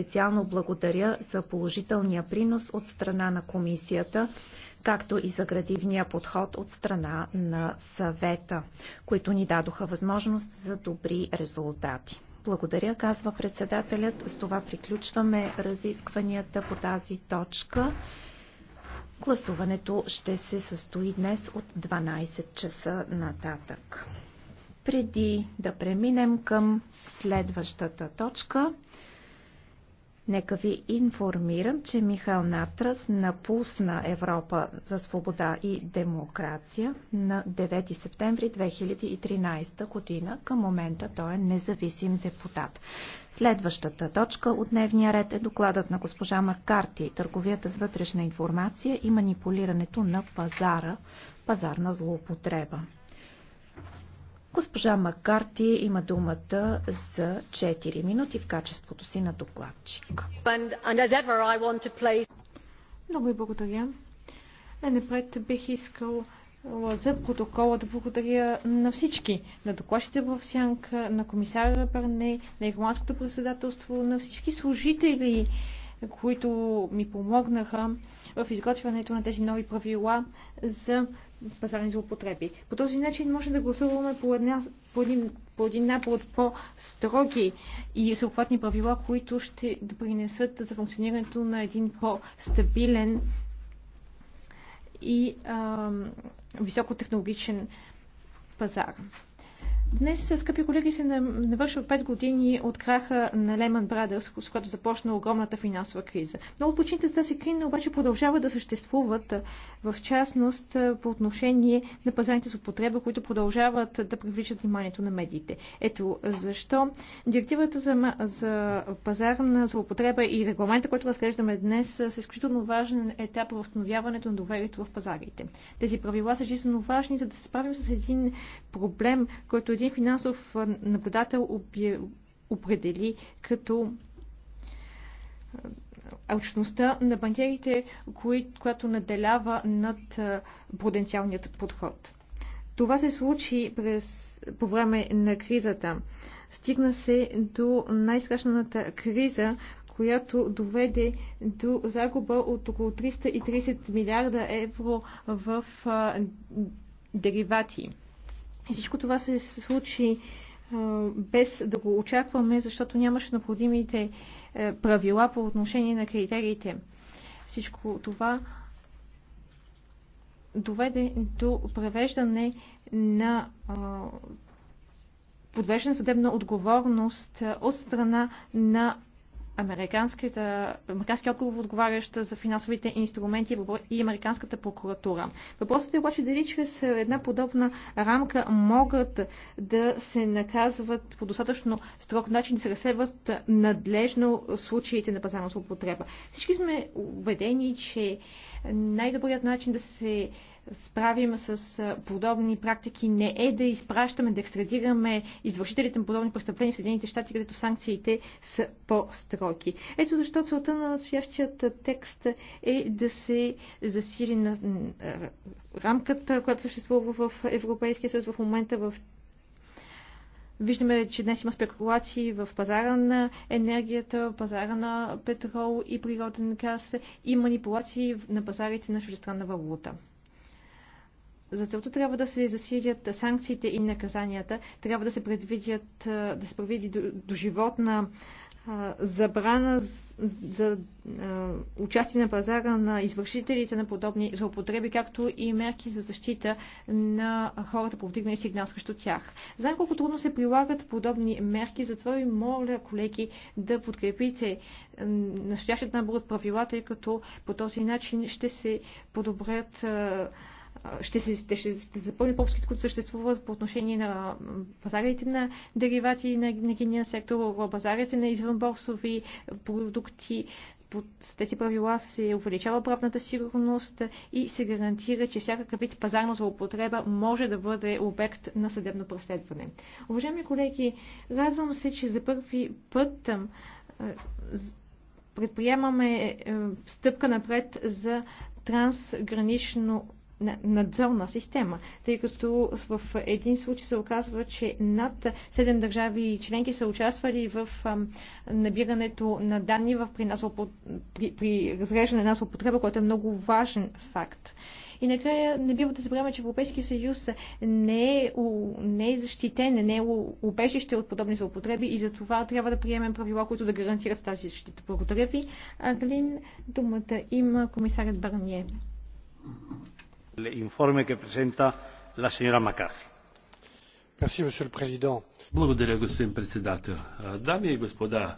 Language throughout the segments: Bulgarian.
Специално благодаря за положителния принос от страна на комисията, както и за градивния подход от страна на съвета, които ни дадоха възможност за добри резултати. Благодаря, казва председателят. С това приключваме разискванията по тази точка. Гласуването ще се състои днес от 12 часа нататък. Преди да преминем към следващата точка, Нека ви информирам, че Михал Натрас напусна Европа за свобода и демокрация на 9 септември 2013 година. Към момента той е независим депутат. Следващата точка от дневния ред е докладът на госпожа Маккарти, търговията с вътрешна информация и манипулирането на пазара, пазарна злоупотреба. Госпожа Макарти има думата за 4 минути в качеството си на докладчик. Много ви благодаря. Е, напред бих искал за протокола да благодаря на всички, на докладчите в Сянка, на комисара Бърне, на ирландското председателство, на всички служители които ми помогнаха в изготвянето на тези нови правила за пазарни злоупотреби. По този начин може да гласуваме по, една, по, един, по един набор от по-строги и съобхватни правила, които ще допринесат за функционирането на един по-стабилен и а, високотехнологичен пазар. Днес, скъпи колеги, се навършва 5 години от краха на Lehman Brothers, с която започна огромната финансова криза. от почините за тази криза обаче продължават да съществуват, в частност по отношение на пазарите с употреба, които продължават да привличат вниманието на медиите. Ето защо директивата за, за пазар на злоупотреба и регламента, който разглеждаме днес, са изключително важен етап в възстановяването на доверието в пазарите. Тези правила са жизненно важни, за да се справим с един проблем, който е един финансов наблюдател определи като алчността на банкерите, която наделява над пруденциалният подход. Това се случи през, по време на кризата. Стигна се до най-страшната криза, която доведе до загуба от около 330 милиарда евро в деривати. И всичко това се случи без да го очакваме, защото нямаше необходимите е, правила по отношение на критериите. Всичко това доведе до превеждане на подвеждане съдебна отговорност от страна на американският отговор отговарящ за финансовите инструменти и американската прокуратура. Въпросът е обаче дали чрез една подобна рамка могат да се наказват по достатъчно строг начин да се разследват надлежно случаите на пазарна злоупотреба. Всички сме убедени, че най-добрият начин да се справим с подобни практики не е да изпращаме, да екстрадираме извършителите на подобни престъпления в Съединените щати, където санкциите са по строки Ето защо целта на настоящият текст е да се засили на рамката, която съществува в Европейския съюз в момента в Виждаме, че днес има спекулации в пазара на енергията, пазара на петрол и природен газ и манипулации на пазарите на чуждестранна валута. За целта трябва да се засилят санкциите и наказанията, трябва да се предвидят, да се предвиди до, до животна забрана за участие на пазара на извършителите на подобни злоупотреби, както и мерки за защита на хората, повдигнали сигнал срещу тях. Знам колко трудно се прилагат подобни мерки, затова ви моля, колеги, да подкрепите настоящият набор от правила, тъй като по този начин ще се подобрят ще, се, ще, ще, ще запълни пропуските, които съществуват по отношение на пазарите на деривати на гения сектор, пазарите на извънборсови продукти. Под тези правила се увеличава правната сигурност и се гарантира, че всякакъв вид пазарна злоупотреба може да бъде обект на съдебно преследване. Уважаеми колеги, радвам се, че за първи път предприемаме е, стъпка напред за трансгранично надзорна система, тъй като в един случай се оказва, че над 7 държави и членки са участвали в набирането на данни в при, нас, при, при разреждане на злоупотреба, което е много важен факт. И накрая не бива да забравяме, че Европейския съюз не е, не е защитен, не е убежище от подобни злоупотреби и за това трябва да приемем правила, които да гарантират тази защита. Благодаря ви. Аглин, думата има комисарят Барние. Благодаря, господин председател. Дами и господа,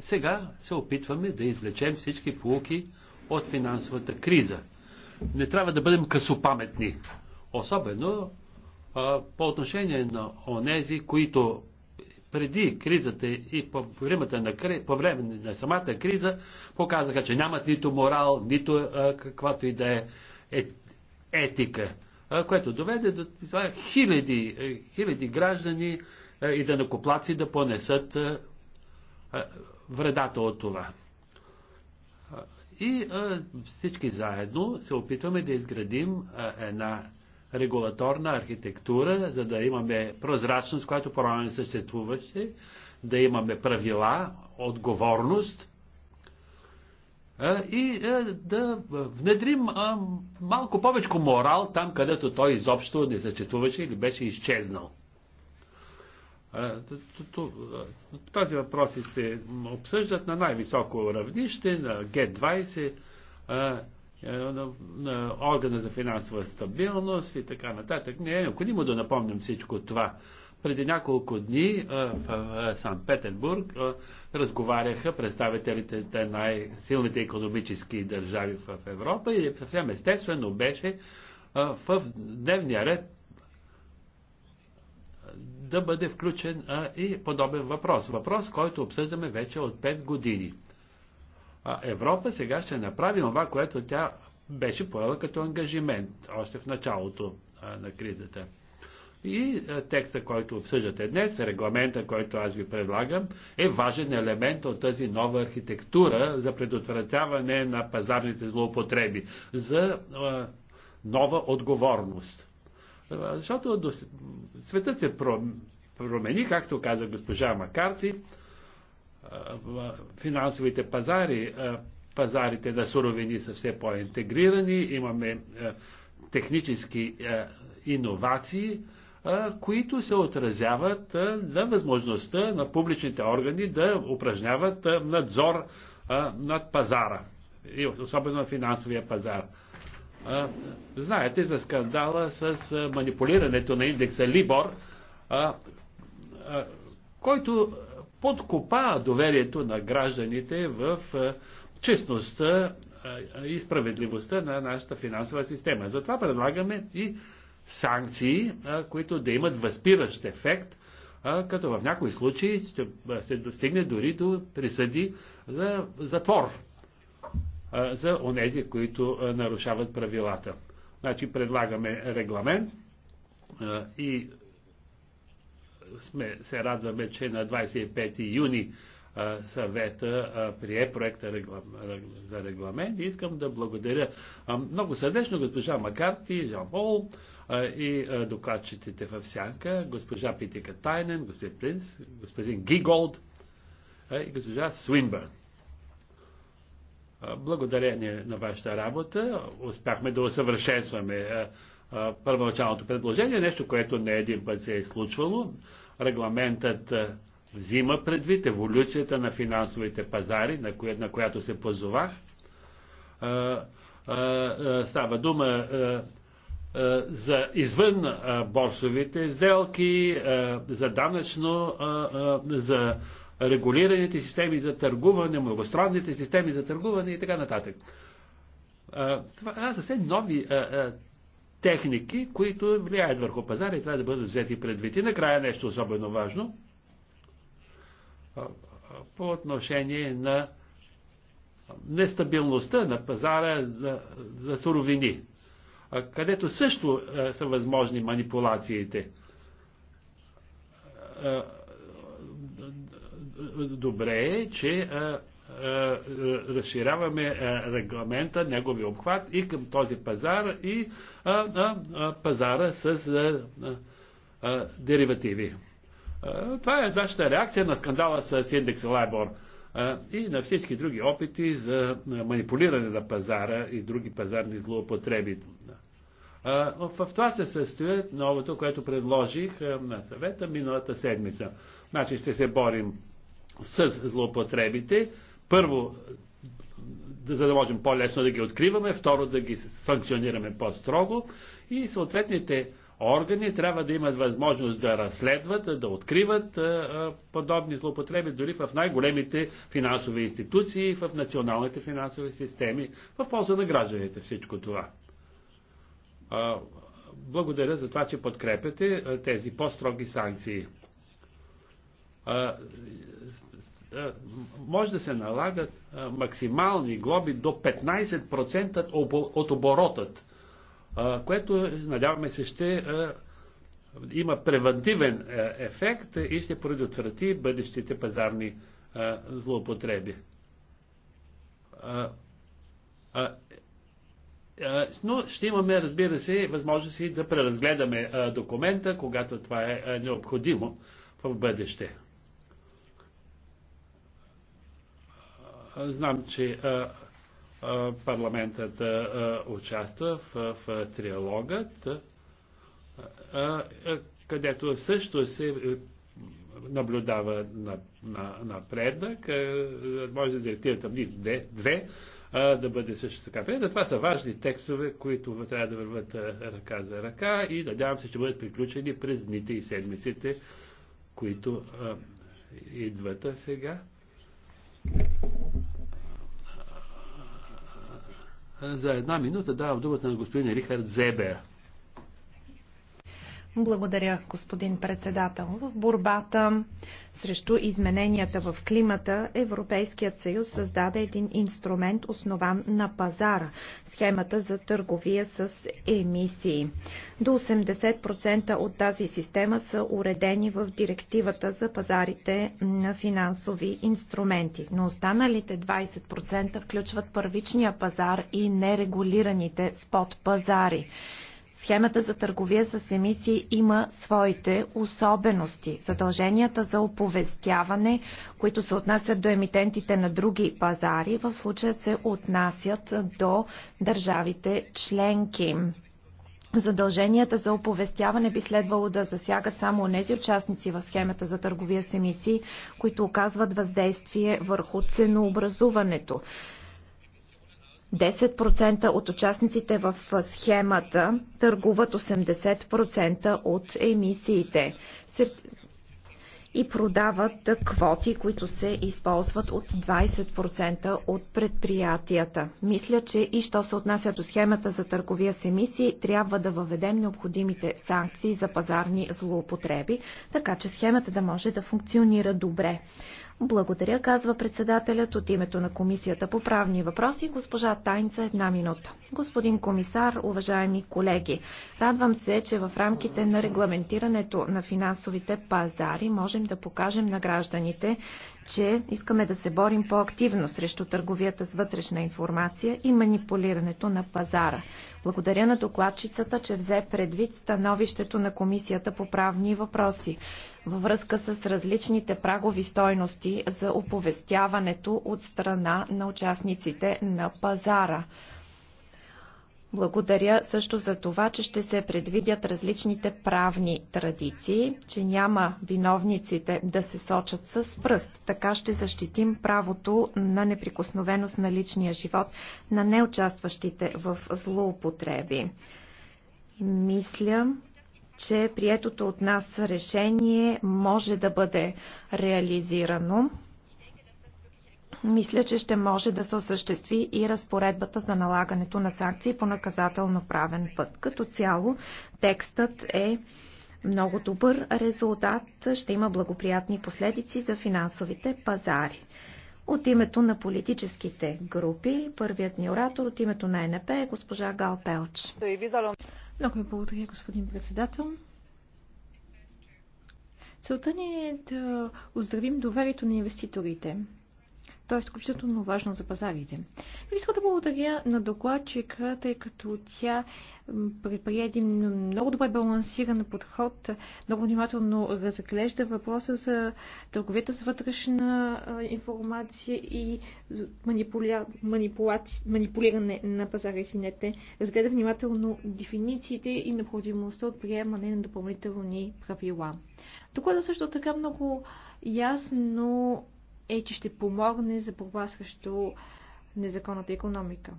сега се опитваме да извлечем всички полуки от финансовата криза. Не трябва да бъдем късопаметни, особено а, по отношение на онези, които преди кризата и по време на, по време на самата криза показаха, че нямат нито морал, нито а, каквато и да е, е етика, а, което доведе до това хиляди, хиляди граждани а, и накоплаци да понесат а, а, вредата от това. И а, всички заедно се опитваме да изградим а, една регулаторна архитектура, за да имаме прозрачност, която по-рано не съществуваше, да имаме правила, отговорност и да внедрим малко повече морал там, където той изобщо не съществуваше или беше изчезнал. Този въпроси се обсъждат на най-високо равнище, на Г20 е, органа за финансова стабилност и така нататък. Не е необходимо да напомням всичко това. Преди няколко дни е, в е, Санкт Петербург разговаряха представителите на най-силните економически държави в Европа и съвсем естествено беше в дневния ред да бъде включен и подобен въпрос. Въпрос, който обсъждаме вече от 5 години. А Европа сега ще направи това, което тя беше поела като ангажимент още в началото на кризата. И текста, който обсъждате днес, регламента, който аз ви предлагам, е важен елемент от тази нова архитектура за предотвратяване на пазарните злоупотреби, за нова отговорност. Защото светът се промени, както каза госпожа Макарти, финансовите пазари, пазарите на суровини са все по-интегрирани, имаме технически иновации, които се отразяват на възможността на публичните органи да упражняват надзор над пазара, и особено на финансовия пазар. Знаете за скандала с манипулирането на индекса Либор, който подкопа доверието на гражданите в честността и справедливостта на нашата финансова система. Затова предлагаме и санкции, които да имат възпиращ ефект, като в някои случаи ще се достигне дори до присъди за затвор за онези, които нарушават правилата. Значи предлагаме регламент и сме, се радваме, че на 25 юни съвета прие проекта реглам, за регламент. И искам да благодаря много сърдечно госпожа Макарти, Жан Пол и докладчиците в Сянка, госпожа Питика Тайнен, господин Принц, господин Гиголд и госпожа Свинбърн. Благодарение на вашата работа успяхме да усъвършенстваме първоначалното предложение, нещо, което не един път се е случвало. Регламентът взима предвид еволюцията на финансовите пазари, на, коя, на която се позовах. Става дума за извън борсовите сделки, за данъчно, за регулираните системи за търгуване, многостранните системи за търгуване и така нататък. Това са все нови техники, които влияят върху пазара и трябва е да бъдат взети предвид. И накрая нещо особено важно по отношение на нестабилността на пазара за, за суровини, където също са възможни манипулациите. Добре е, че е, е, разширяваме е, регламента, негови обхват и към този пазар и пазара с деривативи. Това е нашата реакция на скандала с индекс Лайбор и на всички други опити за манипулиране на пазара и други пазарни злоупотреби. В това се състои новото, което предложих на съвета миналата седмица. Значи ще се борим с злоупотребите първо, за да можем по-лесно да ги откриваме, второ, да ги санкционираме по-строго и съответните органи трябва да имат възможност да разследват, да откриват подобни злоупотреби дори в най-големите финансови институции, в националните финансови системи, в полза на гражданите всичко това. Благодаря за това, че подкрепяте тези по-строги санкции. Е, може да се налагат е, максимални глоби до 15% от оборотът, е, което, надяваме се, ще има превентивен ефект и ще предотврати бъдещите пазарни злоупотреби. Но ще имаме, разбира се, възможност и да преразгледаме документа, когато това е необходимо в бъдеще. Знам, че парламентът участва в триалогът, където също се е, наблюдава напредък. Може директивата две а, да бъде също така приета. Това са важни текстове, които трябва да върват ръка за ръка и надявам се, че бъдат приключени през дните и седмиците, които идват сега. За една минута дава думата на господин Рихард Зебер. Благодаря, господин председател. В борбата срещу измененията в климата Европейският съюз създаде един инструмент, основан на пазара – схемата за търговия с емисии. До 80% от тази система са уредени в директивата за пазарите на финансови инструменти, но останалите 20% включват първичния пазар и нерегулираните спот пазари. Схемата за търговия с емисии има своите особености. Задълженията за оповестяване, които се отнасят до емитентите на други пазари, в случая се отнасят до държавите членки. Задълженията за оповестяване би следвало да засягат само тези участници в схемата за търговия с емисии, които оказват въздействие върху ценообразуването. 10% от участниците в схемата търгуват 80% от емисиите и продават квоти, които се използват от 20% от предприятията. Мисля, че и що се отнася до схемата за търговия с емисии, трябва да въведем необходимите санкции за пазарни злоупотреби, така че схемата да може да функционира добре. Благодаря, казва председателят от името на Комисията по правни въпроси, госпожа Тайнца, една минута. Господин комисар, уважаеми колеги, радвам се, че в рамките на регламентирането на финансовите пазари можем да покажем на гражданите, че искаме да се борим по-активно срещу търговията с вътрешна информация и манипулирането на пазара. Благодаря на докладчицата, че взе предвид становището на Комисията по правни въпроси във връзка с различните прагови стойности за оповестяването от страна на участниците на пазара. Благодаря също за това, че ще се предвидят различните правни традиции, че няма виновниците да се сочат с пръст. Така ще защитим правото на неприкосновеност на личния живот на неучастващите в злоупотреби. Мисля, че приетото от нас решение може да бъде реализирано мисля, че ще може да се осъществи и разпоредбата за налагането на санкции по наказателно правен път. Като цяло, текстът е много добър резултат, ще има благоприятни последици за финансовите пазари. От името на политическите групи, първият ни оратор от името на НП е госпожа Гал Пелч. Много ви благодаря, господин председател. Целта ни е да оздравим доверието на инвеститорите. То е изключително важно за пазарите. Искам да благодаря на докладчика, тъй като тя предприе един много добре балансиран подход, много внимателно разглежда въпроса за търговията с вътрешна информация и манипуля... манипула... манипулиране на пазара, извинете. Разгледа внимателно дефинициите и необходимостта от приемане на допълнителни правила. Докладът също така много ясно е, че ще помогне за борба срещу незаконната економика.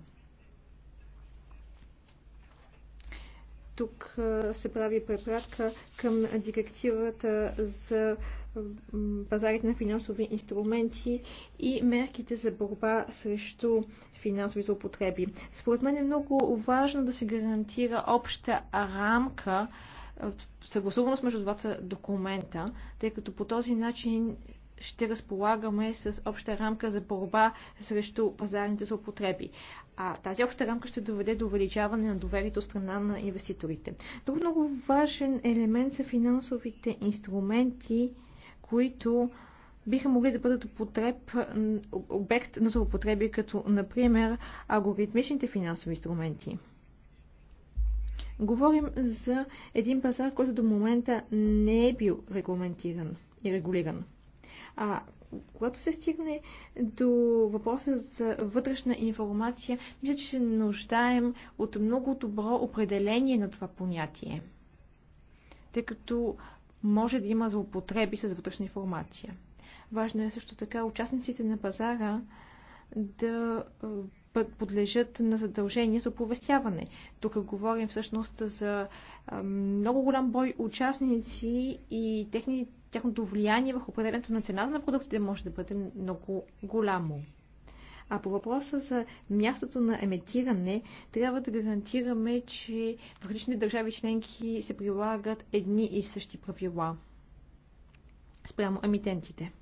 Тук се прави препратка към директивата за пазарите на финансови инструменти и мерките за борба срещу финансови злоупотреби. Според мен е много важно да се гарантира обща рамка съгласуваност между двата документа, тъй като по този начин ще разполагаме с обща рамка за борба срещу пазарните злоупотреби. А тази обща рамка ще доведе до увеличаване на доверието страна на инвеститорите. Друг много важен елемент са финансовите инструменти, които биха могли да бъдат употреб, обект на злоупотреби, като, например, алгоритмичните финансови инструменти. Говорим за един пазар, който до момента не е бил регламентиран и регулиран. А когато се стигне до въпроса за вътрешна информация, мисля, че се нуждаем от много добро определение на това понятие, тъй като може да има злоупотреби с вътрешна информация. Важно е също така участниците на пазара да подлежат на задължение за оповестяване. Тук говорим всъщност за много голям брой участници и техните тяхното влияние върху определенето на цената на продуктите може да бъде много голямо. А по въпроса за мястото на емитиране, трябва да гарантираме, че в различните държави членки се прилагат едни и същи правила спрямо емитентите.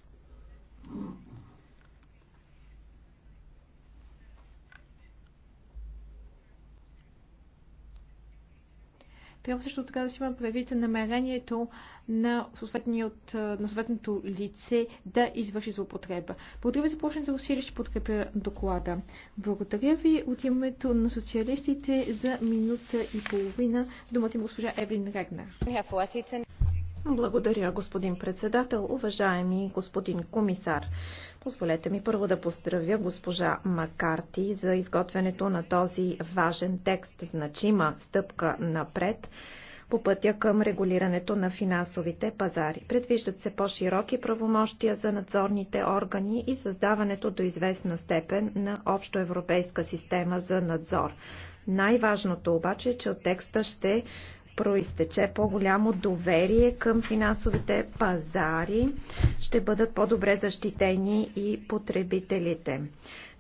Трябва също така да си има предвид намерението на, на съответното лице да извърши злоупотреба. Благодаря ви за почната усилия, ще подкрепя доклада. Благодаря ви от името на социалистите за минута и половина. Думата има госпожа Евлин Регнер. Благодаря, господин председател. Уважаеми господин комисар, позволете ми първо да поздравя госпожа Макарти за изготвянето на този важен текст, значима стъпка напред по пътя към регулирането на финансовите пазари. Предвиждат се по-широки правомощия за надзорните органи и създаването до известна степен на общоевропейска система за надзор. Най-важното обаче е, че от текста ще проистече по-голямо доверие към финансовите пазари, ще бъдат по-добре защитени и потребителите.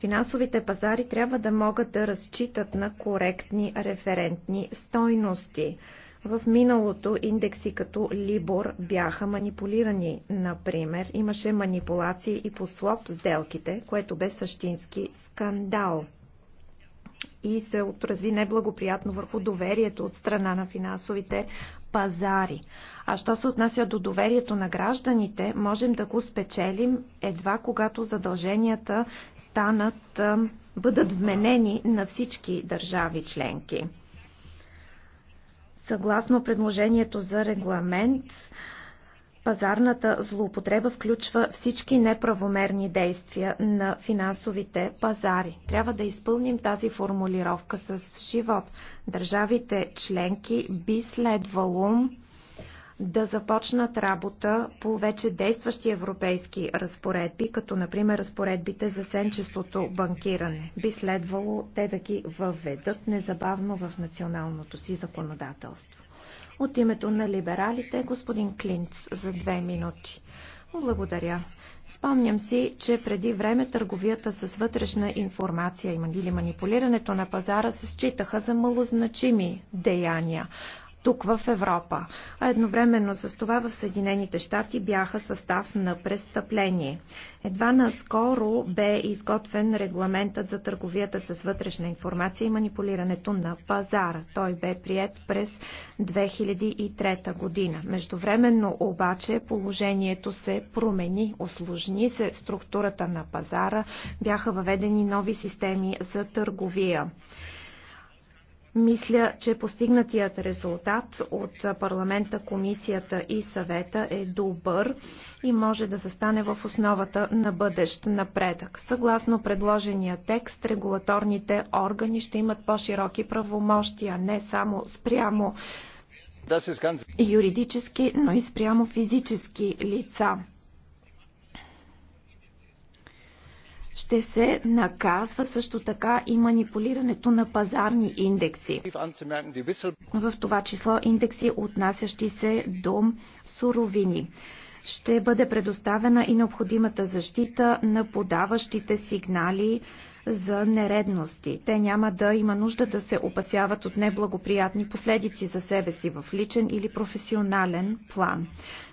Финансовите пазари трябва да могат да разчитат на коректни референтни стойности. В миналото индекси като Либор бяха манипулирани, например. Имаше манипулации и по слоп сделките, което бе същински скандал и се отрази неблагоприятно върху доверието от страна на финансовите пазари. А що се отнася до доверието на гражданите, можем да го спечелим едва когато задълженията станат, бъдат вменени на всички държави членки. Съгласно предложението за регламент, Пазарната злоупотреба включва всички неправомерни действия на финансовите пазари. Трябва да изпълним тази формулировка с живот. Държавите членки би следвало да започнат работа по вече действащи европейски разпоредби, като например разпоредбите за сенчестото банкиране. Би следвало те да ги въведат незабавно в националното си законодателство. От името на либералите, господин Клинц, за две минути. Благодаря. Спомням си, че преди време търговията с вътрешна информация или манипулирането на пазара се считаха за малозначими деяния тук в Европа. А едновременно с това в Съединените щати бяха състав на престъпление. Едва наскоро бе изготвен регламентът за търговията с вътрешна информация и манипулирането на пазара. Той бе прият през 2003 година. Междувременно обаче положението се промени, осложни се структурата на пазара, бяха въведени нови системи за търговия. Мисля, че постигнатият резултат от парламента, комисията и съвета е добър и може да застане в основата на бъдещ напредък. Съгласно предложения текст, регулаторните органи ще имат по-широки правомощия, не само спрямо юридически, но и спрямо физически лица. ще се наказва също така и манипулирането на пазарни индекси. В това число индекси, отнасящи се до суровини. Ще бъде предоставена и необходимата защита на подаващите сигнали за нередности. Те няма да има нужда да се опасяват от неблагоприятни последици за себе си в личен или професионален план.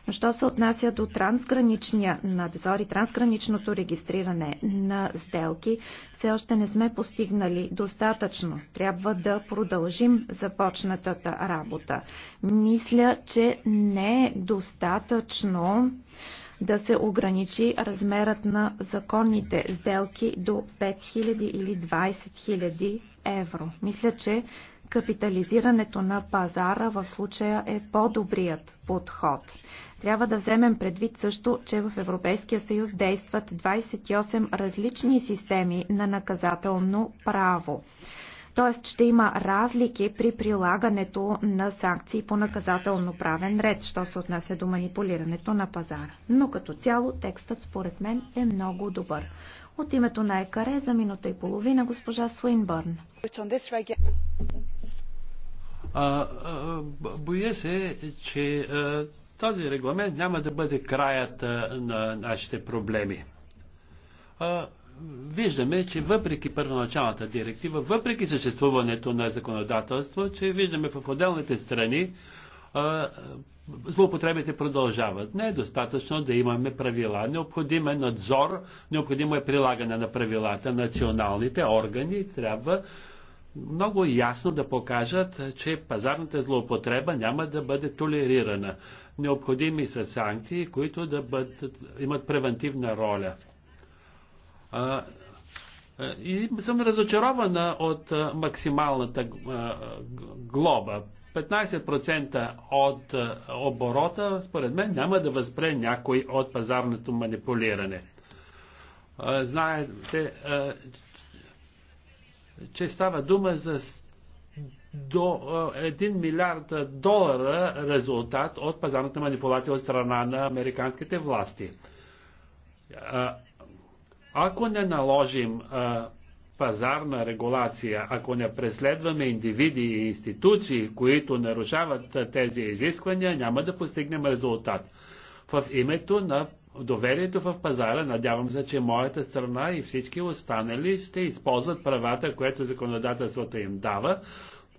Но що се отнася до трансграничния надзор и трансграничното регистриране на сделки, все още не сме постигнали достатъчно. Трябва да продължим започнатата работа. Мисля, че не е достатъчно да се ограничи размерът на законните сделки до 5000 или 20 000 евро. Мисля, че капитализирането на пазара в случая е по-добрият подход. Трябва да вземем предвид също, че в Европейския съюз действат 28 различни системи на наказателно право. Т.е. ще има разлики при прилагането на санкции по наказателно-правен ред, що се отнася до манипулирането на пазара. Но като цяло текстът според мен е много добър. От името на ЕКАРЕ за минута и половина госпожа Суинбърн. А, а, боя се, че а, този регламент няма да бъде краят а, на нашите проблеми. А, виждаме, че въпреки първоначалната директива, въпреки съществуването на законодателство, че виждаме в отделните страни, злоупотребите продължават. Не е достатъчно да имаме правила. Необходим е надзор, необходимо е прилагане на правилата. Националните органи трябва много ясно да покажат, че пазарната злоупотреба няма да бъде толерирана. Необходими са санкции, които да бъдат, имат превентивна роля. И съм разочарована от максималната глоба. 15% от оборота, според мен, няма да възпре някой от пазарното манипулиране. Знаете, че става дума за до 1 милиард долара резултат от пазарната манипулация от страна на американските власти. Ако не наложим а, пазарна регулация, ако не преследваме индивиди и институции, които нарушават а, тези изисквания, няма да постигнем резултат. В името на доверието в пазара, надявам се, че моята страна и всички останали ще използват правата, което законодателството им дава,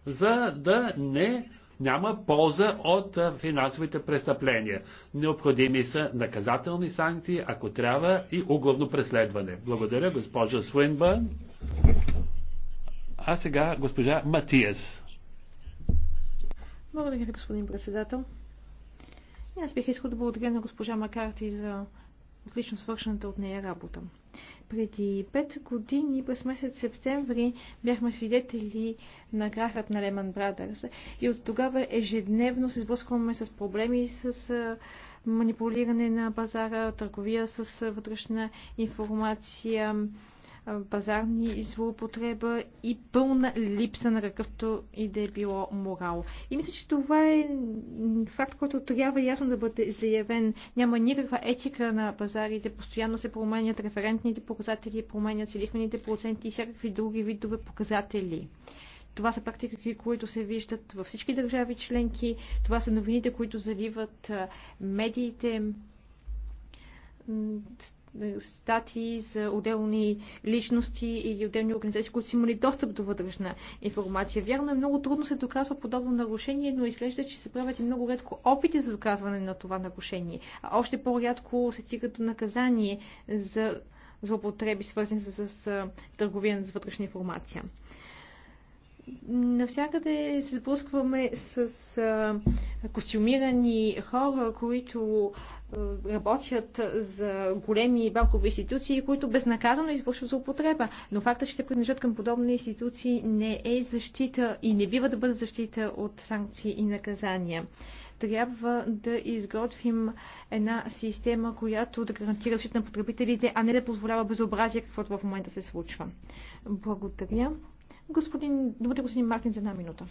за да не няма полза от финансовите престъпления. Необходими са наказателни санкции, ако трябва и уголовно преследване. Благодаря, госпожа Суинбърн. А сега госпожа Матиас. Благодаря, господин председател. И аз бих искал да благодаря на госпожа Макарти за отлично свършената от нея работа. Преди пет години, през месец септември, бяхме свидетели на крахът на Lehman Brothers и от тогава ежедневно се сблъскваме с проблеми с манипулиране на пазара, търговия с вътрешна информация, базарни злоупотреба и пълна липса на какъвто и да е било морал. И мисля, че това е факт, който трябва ясно да бъде заявен. Няма никаква етика на пазарите, постоянно се променят референтните показатели, променят се лихмените проценти и всякакви други видове показатели. Това са практики, които се виждат във всички държави членки. Това са новините, които заливат медиите статии за отделни личности или отделни организации, които са имали достъп до вътрешна информация. Вярно е, много трудно се доказва подобно нарушение, но изглежда, че се правят и много редко опити за доказване на това нарушение. А още по-рядко се стига до наказание за злопотреби, свързани с, с, с търговия с вътрешна информация. Навсякъде се сблъскваме с а, костюмирани хора, които а, работят за големи банкови институции, които безнаказано извършват злоупотреба. Но факта, че те принадлежат към подобни институции, не е защита и не бива да бъде защита от санкции и наказания трябва да изготвим една система, която да гарантира защита на потребителите, а не да позволява безобразие, каквото в момента се случва. Благодаря. Господин, думата господин Мартин за една минута.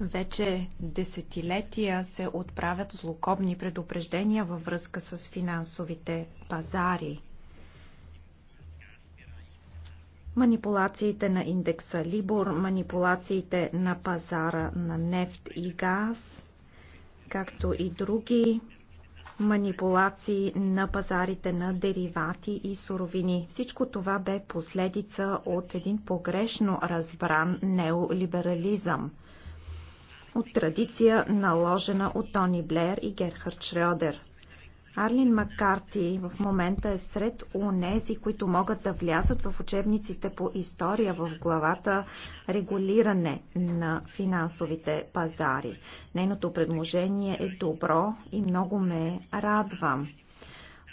Вече десетилетия се отправят злокобни предупреждения във връзка с финансовите пазари. Манипулациите на индекса Либор, манипулациите на пазара на нефт и газ, както и други манипулации на пазарите на деривати и суровини. Всичко това бе последица от един погрешно разбран неолиберализъм от традиция наложена от Тони Блеер и Герхард Шредер. Арлин Маккарти в момента е сред унези, които могат да влязат в учебниците по история в главата регулиране на финансовите пазари. Нейното предложение е добро и много ме радва.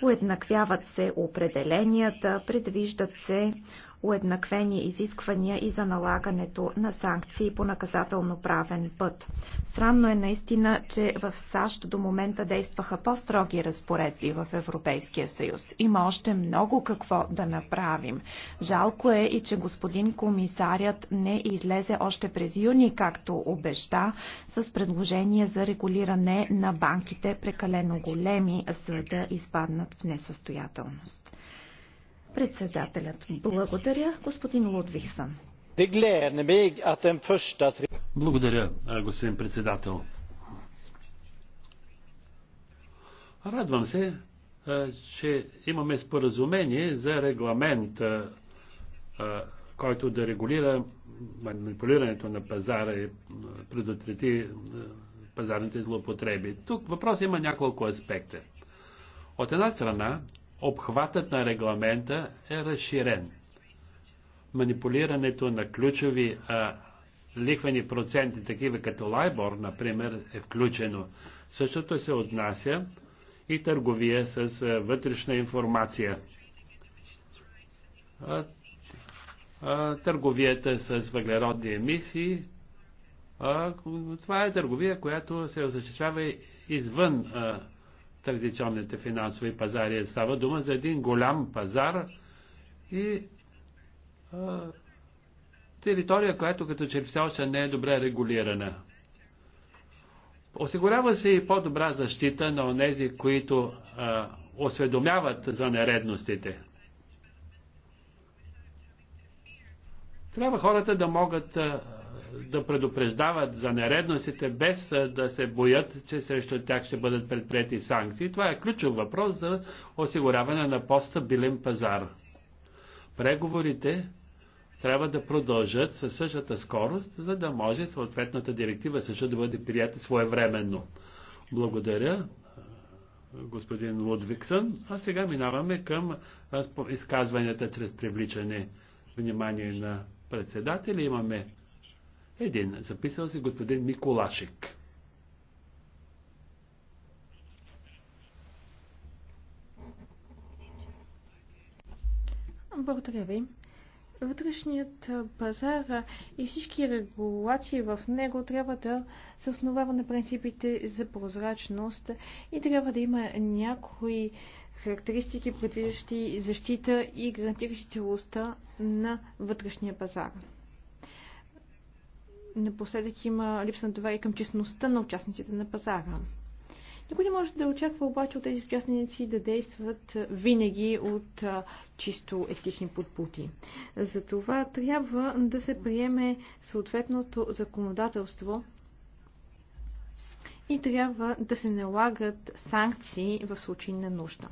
Уеднаквяват се определенията, предвиждат се уеднаквени изисквания и за налагането на санкции по наказателно-правен път. Срамно е наистина, че в САЩ до момента действаха по-строги разпоредби в Европейския съюз. Има още много какво да направим. Жалко е и, че господин комисарят не излезе още през юни, както обеща, с предложение за регулиране на банките прекалено големи, за да изпаднат в несъстоятелност. Председателят. Благодаря, господин Лудвихсън. Благодаря, господин председател. Радвам се, че имаме споразумение за регламент, който да регулира манипулирането на пазара и предотврати пазарните злоупотреби. Тук въпрос има няколко аспекта. От една страна, обхватът на регламента е разширен. Манипулирането на ключови а, лихвени проценти, такива като Лайбор, например, е включено. Същото се отнася и търговия с а, вътрешна информация. А, а, търговията с въглеродни емисии, а, това е търговия, която се осъществява извън а, традиционните финансови пазари. Става дума за един голям пазар и а, територия, която като че все още не е добре регулирана. Осигурява се и по-добра защита на онези, които а, осведомяват за нередностите. Трябва хората да могат а, да предупреждават за нередностите, без да се боят, че срещу тях ще бъдат предприяти санкции. Това е ключов въпрос за осигуряване на по-стабилен пазар. Преговорите трябва да продължат със същата скорост, за да може съответната директива също да бъде прията своевременно. Благодаря, господин Лудвиксън. А сега минаваме към изказванията чрез привличане внимание на председатели. Имаме един. Записал се господин Миколашик. Благодаря ви. Вътрешният пазар и всички регулации в него трябва да се основава на принципите за прозрачност и трябва да има някои характеристики, предвиждащи защита и гарантиращи целостта на вътрешния пазар. Напоследък има липса на доверие към честността на участниците на пазара. Никой не може да очаква обаче от тези участници да действат винаги от а, чисто етични подпути. Затова трябва да се приеме съответното законодателство и трябва да се налагат санкции в случай на нужда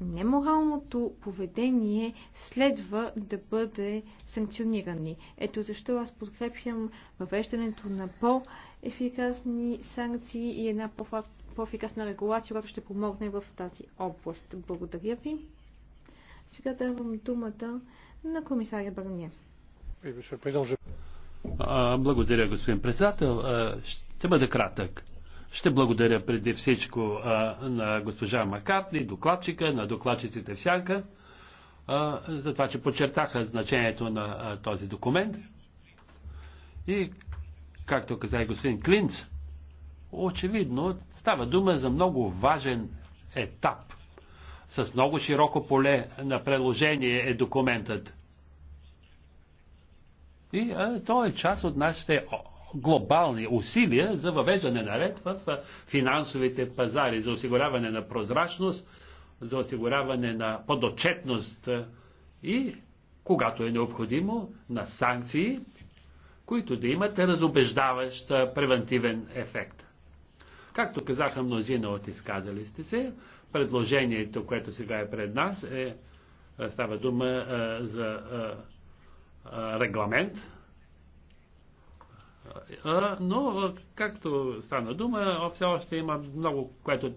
неморалното поведение следва да бъде санкционирани. Ето защо аз подкрепям въвеждането на по-ефикасни санкции и една по-ефикасна регулация, която ще помогне в тази област. Благодаря ви. Сега давам думата на комисаря Барния. Ами, благодаря, господин председател. Ще бъда кратък. Ще благодаря преди всичко а, на госпожа Макартни, докладчика, на докладчиците всяка, Сянка, а, за това, че подчертаха значението на а, този документ. И, както каза и господин Клинц, очевидно става дума за много важен етап. С много широко поле на предложение е документът. И а, то е част от нашите глобални усилия за въвеждане на ред в финансовите пазари, за осигуряване на прозрачност, за осигуряване на подотчетност и, когато е необходимо, на санкции, които да имат разобеждаващ превентивен ефект. Както казаха мнозина от изказали сте се, предложението, което сега е пред нас, е, става дума е, за е, регламент, но, както стана дума, все още има много, което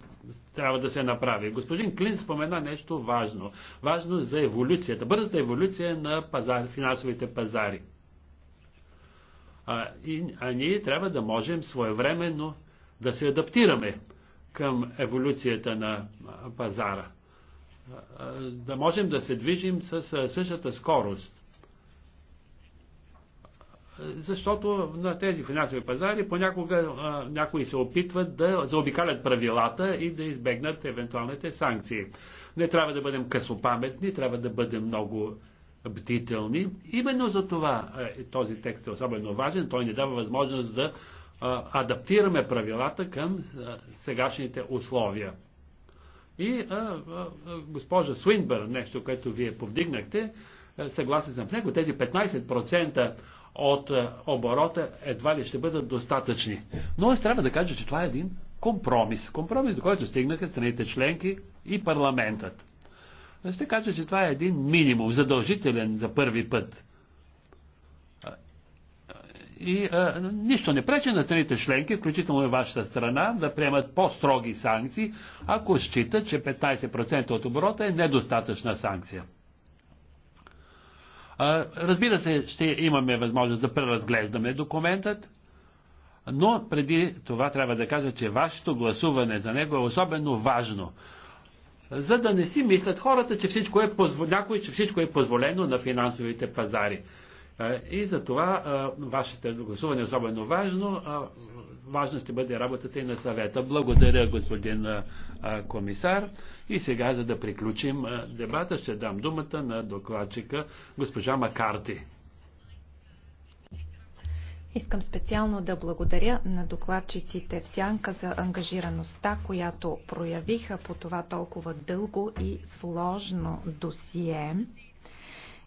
трябва да се направи. Господин Клин спомена нещо важно. Важно за еволюцията, бързата еволюция на пазар, финансовите пазари. А, и, а ние трябва да можем своевременно да се адаптираме към еволюцията на пазара. Да можем да се движим с същата скорост защото на тези финансови пазари понякога а, някои се опитват да заобикалят правилата и да избегнат евентуалните санкции. Не трябва да бъдем късопаметни, трябва да бъдем много бдителни. Именно за това а, е, този текст е особено важен. Той ни дава възможност да а, адаптираме правилата към а, сегашните условия. И а, а, госпожа Свинбър, нещо, което вие повдигнахте, съгласен съм с него, тези 15% от е, оборота едва ли ще бъдат достатъчни. Но аз трябва да кажа, че това е един компромис. Компромис, до който стигнаха страните членки и парламентът. Ще кажа, че това е един минимум, задължителен за първи път. И а, нищо не пречи на страните членки, включително и вашата страна, да приемат по-строги санкции, ако считат, че 15% от оборота е недостатъчна санкция. Разбира се, ще имаме възможност да преразглеждаме документът, но преди това трябва да кажа, че вашето гласуване за него е особено важно. За да не си мислят хората, че всичко е позволено, някой, че всичко е позволено на финансовите пазари. Е, и за това е, вашето гласуване е особено важно. Е, важно ще бъде работата и на съвета. Благодаря, господин комисар. И сега, за да приключим дебата, ще дам думата на докладчика госпожа Макарти. Искам специално да благодаря на докладчиците в Сянка за ангажираността, която проявиха по това толкова дълго и сложно досие.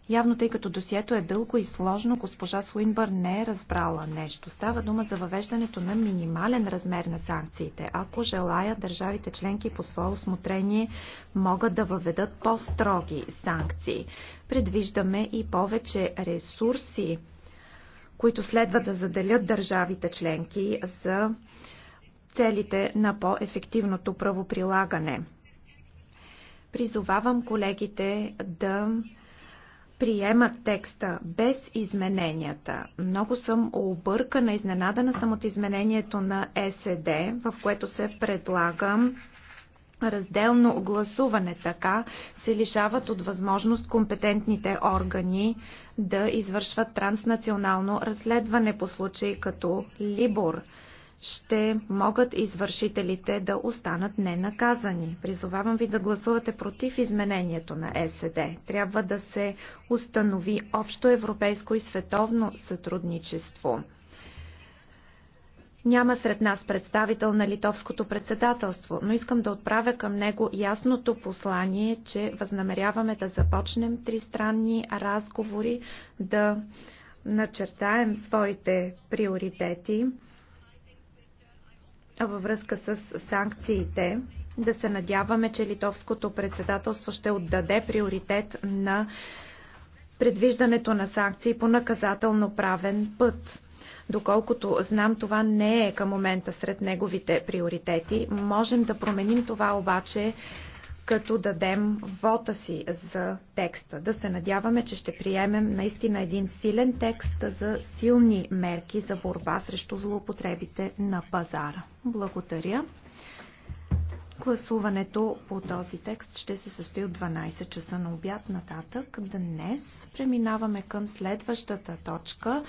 Явно, тъй като досието е дълго и сложно, госпожа Суинбър не е разбрала нещо. Става дума за въвеждането на минимален размер на санкциите. Ако желая, държавите членки по свое осмотрение могат да въведат по-строги санкции. Предвиждаме и повече ресурси, които следва да заделят държавите членки за целите на по-ефективното правоприлагане. Призовавам колегите да приемат текста без измененията. Много съм объркана, изненадана съм от изменението на СЕД, в което се предлага разделно гласуване. Така се лишават от възможност компетентните органи да извършват транснационално разследване по случаи като Либор ще могат извършителите да останат ненаказани. Призовавам ви да гласувате против изменението на ЕСД. Трябва да се установи общо европейско и световно сътрудничество. Няма сред нас представител на литовското председателство, но искам да отправя към него ясното послание, че възнамеряваме да започнем тристранни разговори, да начертаем своите приоритети във връзка с санкциите. Да се надяваме, че литовското председателство ще отдаде приоритет на предвиждането на санкции по наказателно-правен път. Доколкото знам, това не е към момента сред неговите приоритети. Можем да променим това обаче като дадем вота си за текста. Да се надяваме, че ще приемем наистина един силен текст за силни мерки за борба срещу злоупотребите на пазара. Благодаря. Гласуването по този текст ще се състои от 12 часа на обяд нататък. Днес преминаваме към следващата точка.